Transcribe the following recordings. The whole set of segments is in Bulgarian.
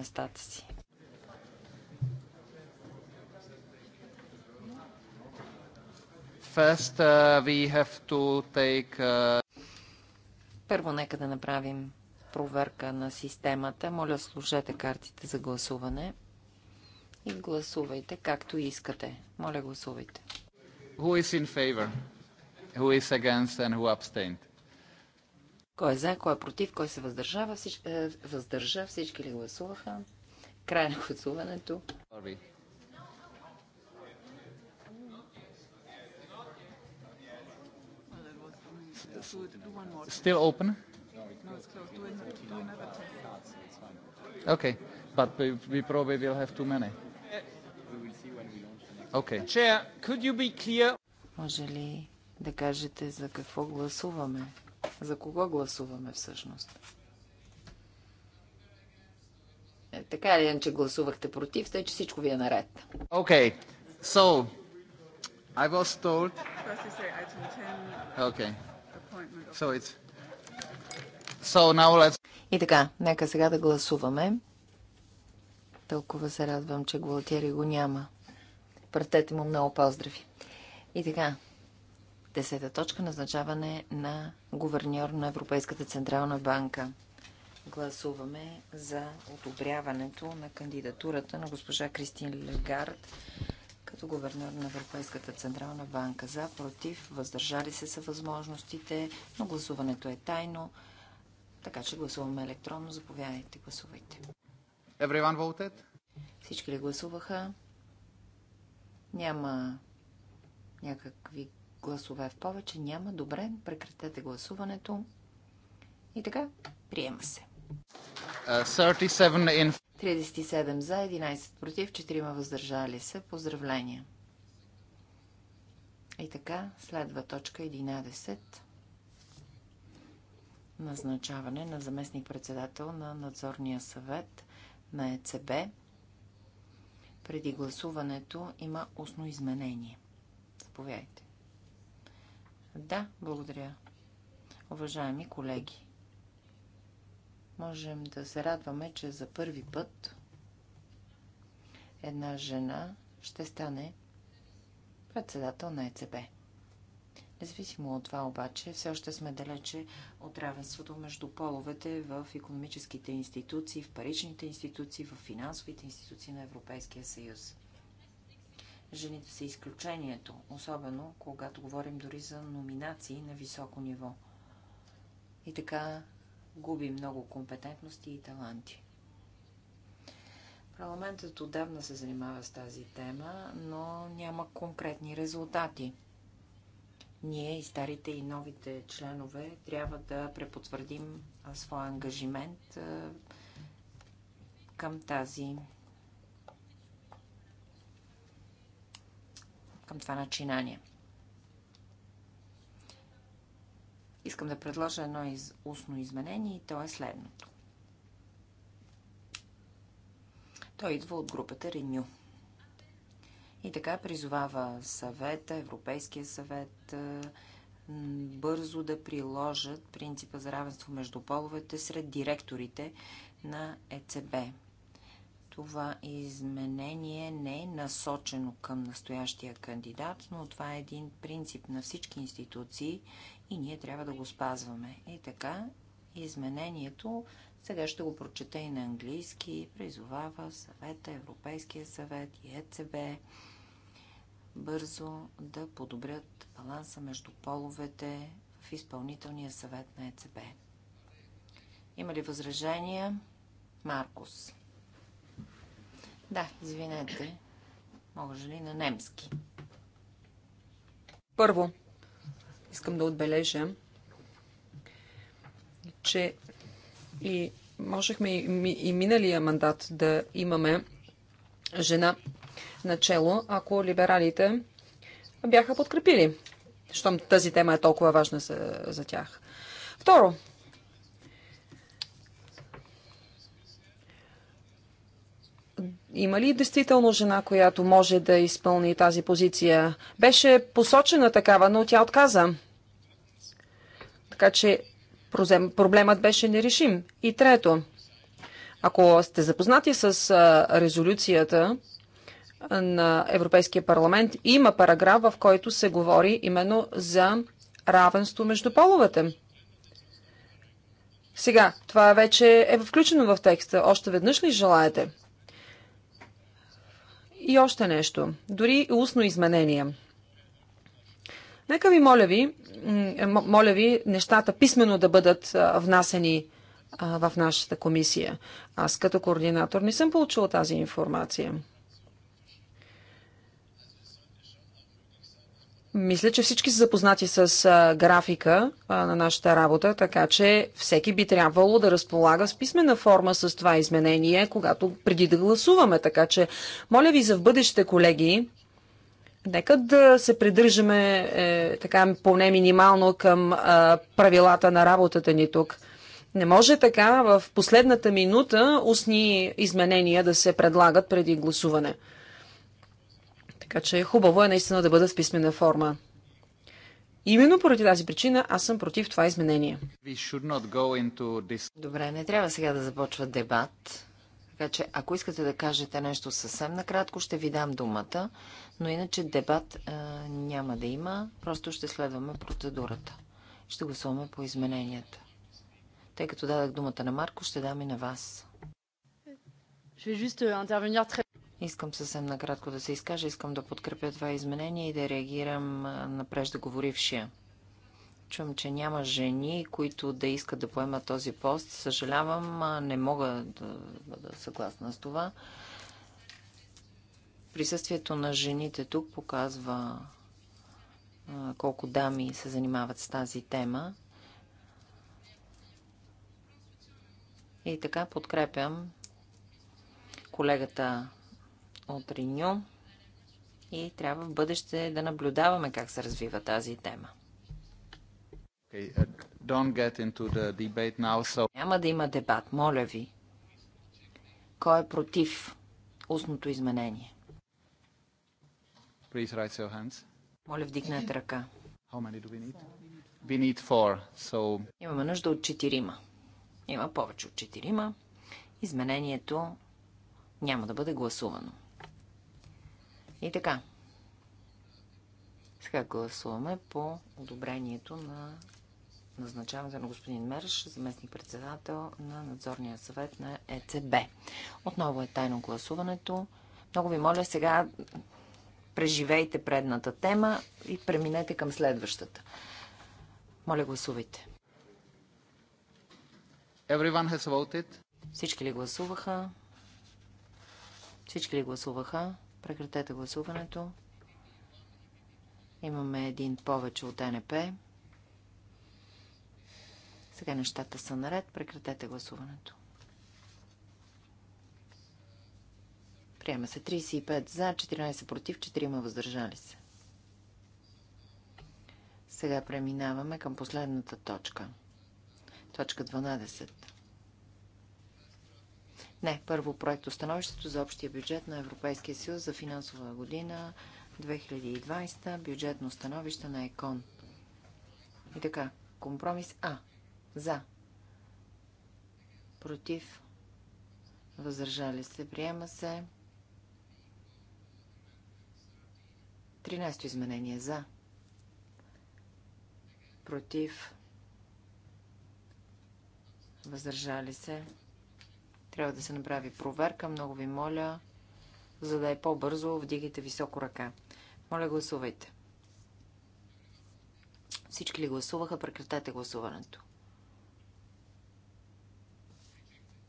местата си. First, uh, we have to take, uh... Първо нека да направим проверка на системата. Моля, сложете картите за гласуване и гласувайте както искате. Моля, гласувайте. Who is in favor? Who is against and who abstained? Кой е за, кой е против, кой се въздържава, всич... Е, въздържа, всички ли гласуваха? Край на гласуването. Still open? Okay, but we, we probably will have too many. Okay. Chair, could you be clear? Може ли да кажете за какво гласуваме? За кого гласуваме всъщност? Е, така или че гласувахте против, тъй че всичко ви е наред. Окей. Okay. So, I was told... Okay. So it's... So now let's... И така, нека сега да гласуваме. Толкова се радвам, че Гуалтери го няма. Пратете му много поздрави. И така, Десета точка – назначаване на гуверньор на Европейската Централна банка. Гласуваме за одобряването на кандидатурата на госпожа Кристин Легард като гуверньор на Европейската Централна банка. За, против, въздържали се са възможностите, но гласуването е тайно, така че гласуваме електронно. Заповядайте, гласувайте. Everyone voted? Всички ли гласуваха? Няма някакви гласове в повече няма. Добре, прекратете гласуването. И така, приема се. 37 за, 11 против, 4 въздържали се. Поздравления! И така, следва точка 11. Назначаване на заместник-председател на надзорния съвет на ЕЦБ. Преди гласуването има устно изменение. Заповядайте. Да, благодаря. Уважаеми колеги, можем да се радваме, че за първи път една жена ще стане председател на ЕЦБ. Независимо от това обаче, все още сме далече от равенството между половете в економическите институции, в паричните институции, в финансовите институции на Европейския съюз. Жените са изключението, особено когато говорим дори за номинации на високо ниво. И така губи много компетентности и таланти. Парламентът отдавна се занимава с тази тема, но няма конкретни резултати. Ние и старите и новите членове трябва да препотвърдим своя ангажимент към тази към това начинание. Искам да предложа едно из, устно изменение и то е следното. Той идва от групата Renew. И така призовава съвета, Европейския съвет, бързо да приложат принципа за равенство между половете сред директорите на ЕЦБ. Това изменение не е насочено към настоящия кандидат, но това е един принцип на всички институции и ние трябва да го спазваме. И така, изменението, сега ще го прочета и на английски, призовава съвета, Европейския съвет и ЕЦБ бързо да подобрят баланса между половете в изпълнителния съвет на ЕЦБ. Има ли възражения? Маркус. Да, извинете. Може ли на немски? Първо, искам да отбележа, че и можехме и, миналия мандат да имаме жена начело, ако либералите бяха подкрепили, щом тази тема е толкова важна за, за тях. Второ, има ли действително жена, която може да изпълни тази позиция? Беше посочена такава, но тя отказа. Така че проблемът беше нерешим. И трето, ако сте запознати с резолюцията на Европейския парламент, има параграф, в който се говори именно за равенство между половете. Сега, това вече е включено в текста. Още веднъж ли желаете? И още нещо. Дори устно изменение. Нека ви моля ви, моля ви нещата писменно да бъдат внасени в нашата комисия. Аз като координатор не съм получила тази информация. Мисля, че всички са запознати с а, графика а, на нашата работа, така че всеки би трябвало да разполага с писмена форма с това изменение, когато преди да гласуваме. Така че, моля ви за в бъдеще, колеги, нека да се придържаме е, така поне минимално към а, правилата на работата ни тук. Не може така в последната минута устни изменения да се предлагат преди гласуване. Така че хубаво е наистина да бъда в писмена форма. Именно поради тази причина аз съм против това изменение. Добре, не трябва сега да започва дебат. Така че, ако искате да кажете нещо съвсем накратко, ще ви дам думата. Но иначе дебат а, няма да има. Просто ще следваме процедурата. Ще гласуваме по измененията. Тъй като дадах думата на Марко, ще дам и на вас. Искам съвсем накратко да се изкажа. Искам да подкрепя това изменение и да реагирам на преждеговорившия. Чувам, че няма жени, които да искат да поемат този пост. Съжалявам, не мога да бъда съгласна с това. Присъствието на жените тук показва колко дами се занимават с тази тема. И така подкрепям колегата от Риню и трябва в бъдеще да наблюдаваме как се развива тази тема. Okay, uh, now, so... Няма да има дебат, моля ви. Кой е против устното изменение? Моля, вдигнете ръка. Need? Need four, so... Имаме нужда от четирима. Има повече от четирима. Изменението няма да бъде гласувано. И така. Сега гласуваме по одобрението на назначаването на господин Мерш, заместник-председател на надзорния съвет на ЕЦБ. Отново е тайно гласуването. Много ви моля сега преживейте предната тема и преминете към следващата. Моля, гласувайте. Everyone has voted. Всички ли гласуваха? Всички ли гласуваха? Прекратете гласуването. Имаме един повече от НП. Сега нещата са наред. Прекратете гласуването. Приема се 35 за, 14 против, 4 въздържали се. Сега преминаваме към последната точка. Точка 12. Не, първо проект становището за общия бюджет на Европейския съюз за финансова година 2020, бюджетно становище на ЕКОН. И така, компромис А. За. Против. Въздържали се. Приема се. 13 изменение. За. Против. Въздържали се. Трябва да се направи проверка. Много ви моля, за да е по-бързо, вдигайте високо ръка. Моля, гласувайте. Всички ли гласуваха? Прекратете гласуването.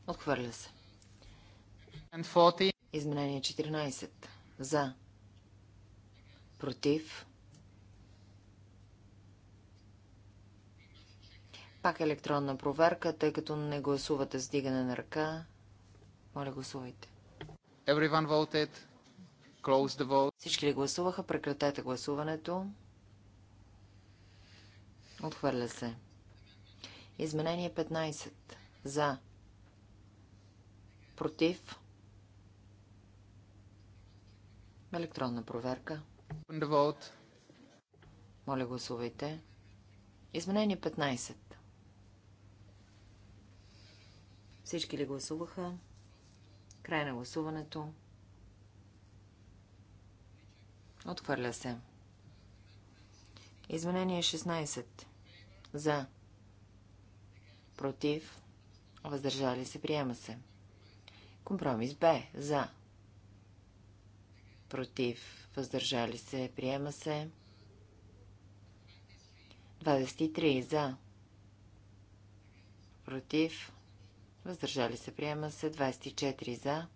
Отхвърля се. Изменение 14. За. Против. Пак електронна проверка, тъй като не гласувате с дигане на ръка. Моля, гласувайте. Everyone voted. Close the vote. Всички ли гласуваха? Прекратете гласуването. Отхвърля се. Изменение 15. За. Против. Електронна проверка. Моля, гласувайте. Изменение 15. Всички ли гласуваха? Край на гласуването. Отхвърля се. Изменение 16. За. Против. Въздържали се. Приема се. Компромис Б. За. Против. Въздържали се. Приема се. 23. За. Против въздържали се, приема се. 24 за,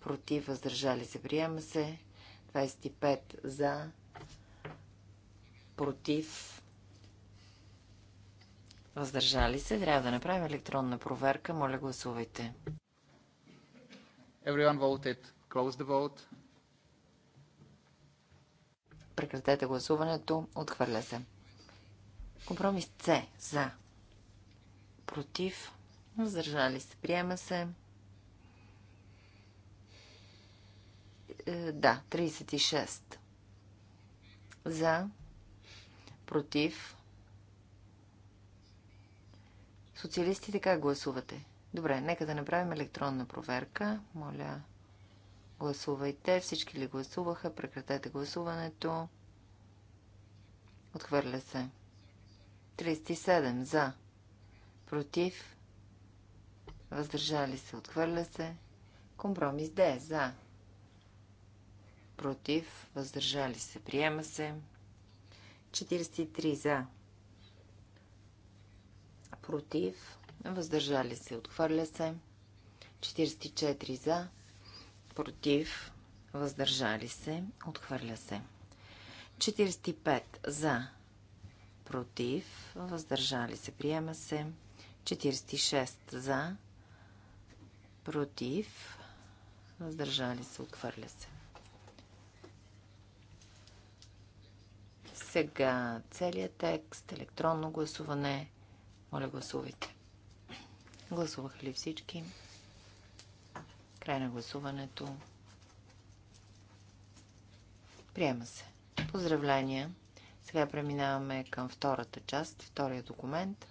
против, въздържали се, приема се. 25 за, против, въздържали се. Трябва да направим електронна проверка. Моля, гласувайте. Everyone voted. Close the vote. Прекратете гласуването. Отхвърля се. Компромис С. За. Против. Въздържали се. Приема се. Е, да, 36. За. Против. Социалистите как гласувате? Добре, нека да направим електронна проверка. Моля, гласувайте. Всички ли гласуваха? Прекратете гласуването. Отхвърля се. 37 за. Против въздържали се, отхвърля се. Компромис Д за, против, въздържали се, приема се. 43 за, против, въздържали се, отхвърля се. 44 за, против, въздържали се, отхвърля се. 45 за, против, въздържали се, приема се. 46 за, против, въздържали се, отхвърля се. Сега целият текст, електронно гласуване. Моля, гласувайте. Гласуваха ли всички? Край на гласуването. Приема се. Поздравления. Сега преминаваме към втората част, втория документ.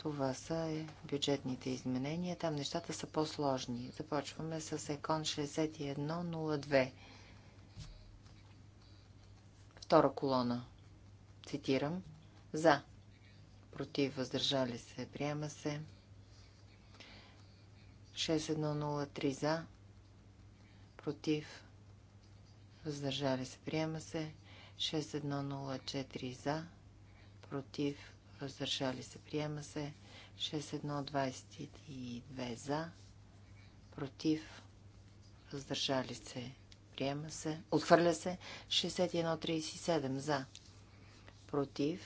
Това са бюджетните изменения. Там нещата са по-сложни. Започваме с Екон 6102. Втора колона. Цитирам. За. Против. Въздържали се. Приема се. 6103 за. Против. Въздържали се. Приема се. 6104 за. Против въздържали се, приема се. 6122 за, против, въздържали се, приема се. Отхвърля се. 6137 за, против,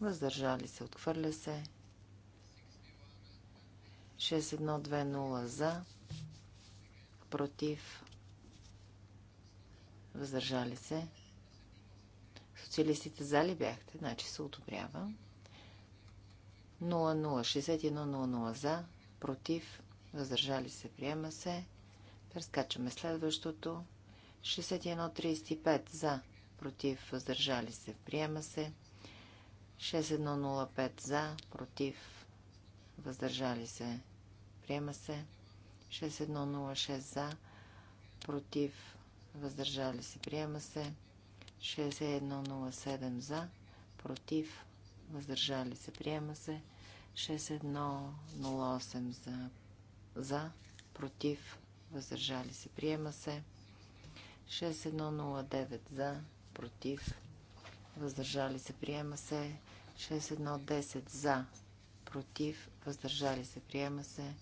въздържали се, отхвърля се. 6120 за, против, въздържали се. Социалистите за ли бяхте? Значи се одобрява. 00. за, против, въздържали се, приема се. Прескачаме следващото. 6135 за, против, въздържали се, приема се. 6105 за, против, въздържали се, приема се. 6106 за, против, въздържали се, приема се. 6107 за, против, въздържали се, приема се. 6108 за, за, против, въздържали се, приема се. 6109 за, против, въздържали се, приема се. 6110 за, против, въздържали се, приема се.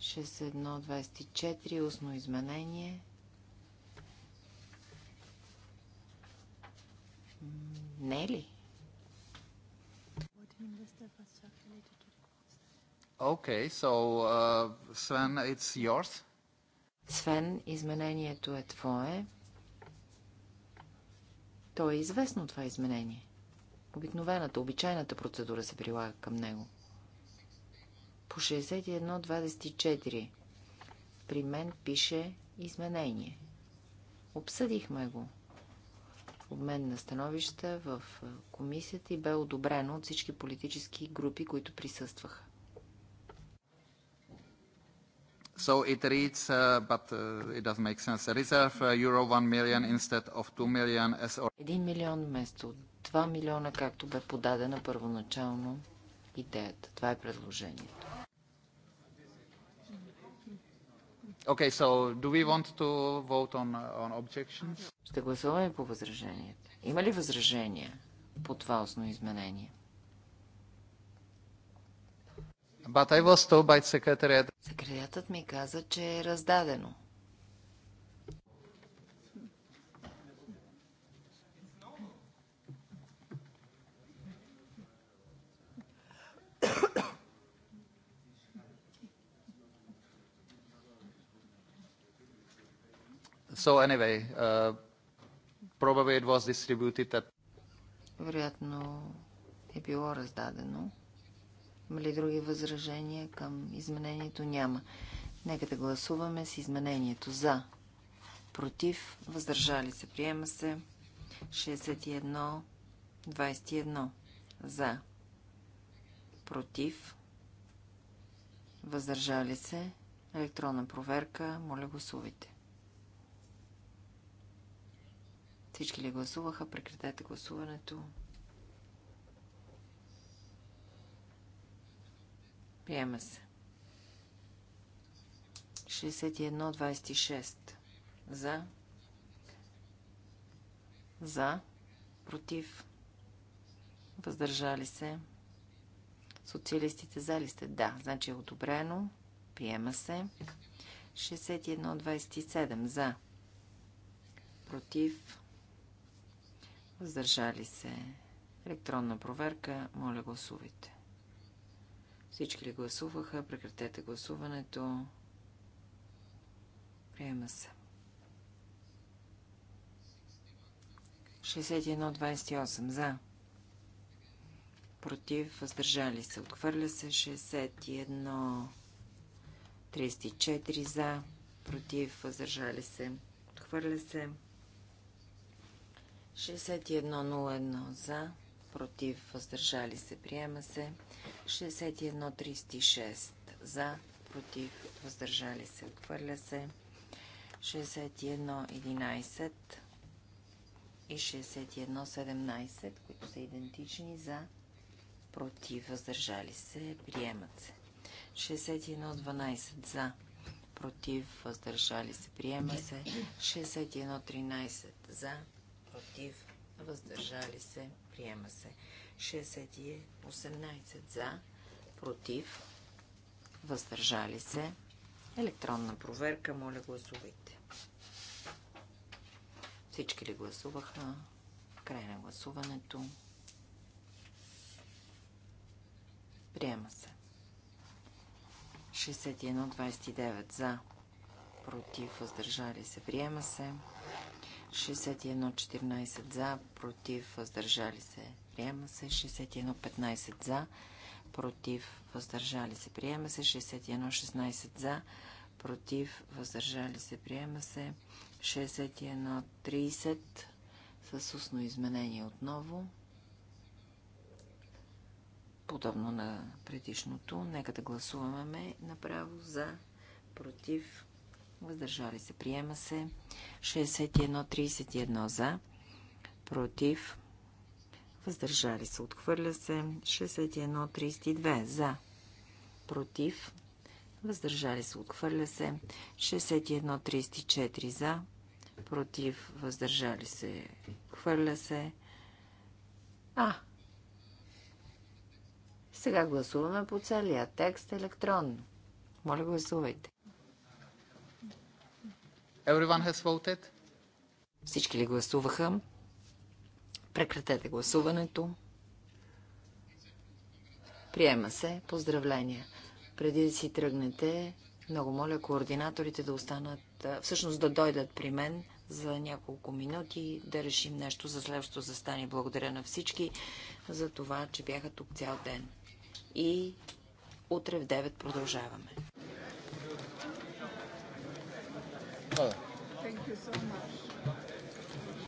6124 устно изменение. Не е ли? Okay, so, uh, Sven, it's yours. Свен, изменението е твое. То е известно това изменение. Обикновената, обичайната процедура се прилага към него. По 61.24 при мен пише изменение. Обсъдихме го обмен на становища в комисията и бе одобрено от всички политически групи, които присъстваха. So it reads, uh, but uh, it doesn't make sense. Reserve uh, euro 1 million instead of 2 million as or... 1 милион вместо 2 милиона, както бе подадена първоначално идеята. Това е предложението. Okay, so do we want to vote on, uh, on objections? Ще гласуваме по възраженията. Има ли възражения по това основно изменение? But I was told by secretariat... Секретарятът ми каза, че е раздадено. So anyway, uh, probably it was distributed at... Вероятно е било раздадено. Мали други възражения към изменението? Няма. Нека да гласуваме с изменението за, против, въздържали се. Приема се 61, 21 за, против, въздържали се. Електронна проверка. Моля гласувайте. Всички ли гласуваха? Прекратете гласуването. Приема се. 61-26. За. За. Против. Въздържали се. Социалистите за ли сте? Да. Значи е одобрено. Приема се. 61-27. За. Против. Въздържали се. Електронна проверка. Моля гласувайте. Всички ли гласуваха? Прекратете гласуването. Приема се. 61-28 за. Против, въздържали се. Отхвърля се 61-34 за. Против, въздържали се. Отхвърля се 6101 за, против, въздържали се, приема се. 6136 за, против, въздържали се, отхвърля се. 6111 и 6117, които са идентични за, против, въздържали се, приемат се. 6112 за, против, въздържали се, приема се. 6113 за, против, въздържали се, приема се. 60 18 за, против, въздържали се. Електронна проверка, моля гласувайте. Всички ли гласуваха? Край на гласуването. Приема се. 61-29 за. Против, въздържали се. Приема се. 61 14 за, против, въздържали се, приема се. 61, 15 за, против, въздържали се, приема се. 61, 16 за, против, въздържали се, приема се. 61-30 с устно изменение отново. Подобно на предишното. Нека да гласуваме направо за, против, въздържали се, приема се. 61-31 за, против, въздържали се, отхвърля се. 61-32 за, против, въздържали се, отхвърля се. 61-34 за, против, въздържали се, хвърля се. А! Сега гласуваме по целия текст електронно. Моля, гласувайте. Everyone has voted. Всички ли гласуваха? Прекратете гласуването. Приема се. Поздравления. Преди да си тръгнете, много моля координаторите да останат, всъщност да дойдат при мен за няколко минути, да решим нещо за следващото застание. Благодаря на всички за това, че бяха тук цял ден. И утре в 9 продължаваме. Thank you so much.